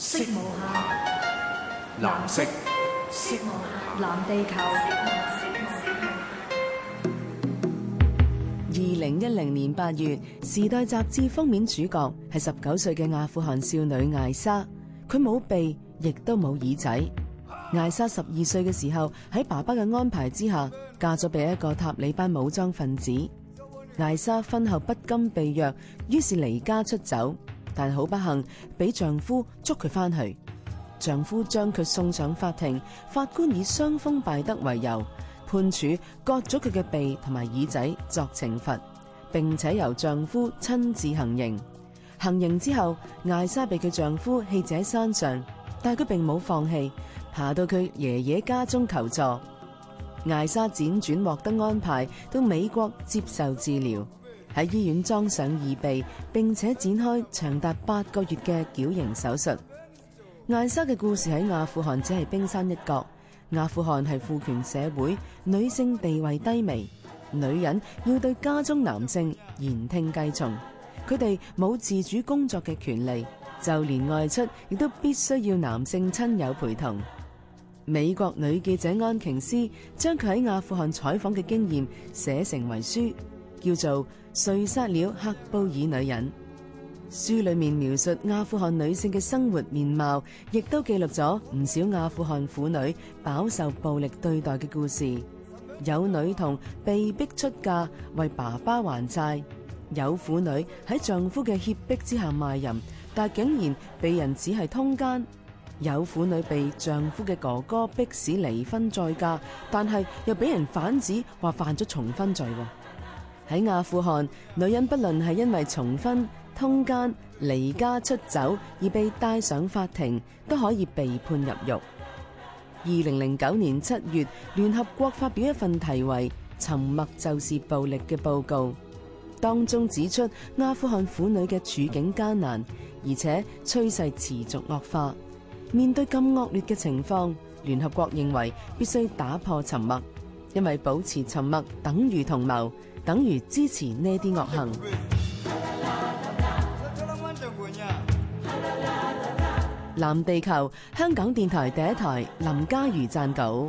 色無下，藍色。色無限，藍地球。二零一零年八月，《時代》雜誌封面主角係十九歲嘅阿富汗少女艾莎。佢冇鼻，亦都冇耳仔。艾莎十二歲嘅時候，喺爸爸嘅安排之下，嫁咗俾一個塔利班武裝分子。艾莎婚後不甘被虐，於是離家出走。但好不幸，俾丈夫捉佢翻去。丈夫將佢送上法庭，法官以傷風敗德為由，判處割咗佢嘅鼻同埋耳仔作懲罰，並且由丈夫親自行刑。行刑之後，艾莎被佢丈夫棄置喺山上，但佢並冇放棄，爬到佢爺爺家中求助。艾莎輾轉獲得安排到美國接受治療。喺醫院裝上耳鼻，並且展開長達八個月嘅矯形手術。艾莎嘅故事喺阿富汗只係冰山一角。阿富汗係父權社會，女性地位低微，女人要對家中男性言聽計從。佢哋冇自主工作嘅權利，就連外出亦都必須要男性親友陪同。美國女記者安瓊斯將佢喺阿富汗採訪嘅經驗寫成為書，叫做《誰殺了黑布爾女人》。書裏面描述阿富汗女性嘅生活面貌，亦都記錄咗唔少阿富汗婦女飽受暴力對待嘅故事。有女童被逼出嫁為爸爸還債，有婦女喺丈夫嘅脅迫之下賣淫，但竟然被人指係通姦；有婦女被丈夫嘅哥哥逼使離婚再嫁，但係又俾人反指話犯咗重婚罪。喺阿富汗，女人不論係因為重婚、通姦、離家出走而被帶上法庭，都可以被判入獄。二零零九年七月，聯合國發表一份題為《沉默就是暴力》嘅報告，當中指出阿富汗婦女嘅處境艱難，而且趨勢持續惡化。面對咁惡劣嘅情況，聯合國認為必須打破沉默。因為保持沉默，等於同謀，等於支持呢啲惡行。藍地球，香港電台第一台，林嘉如贊稿。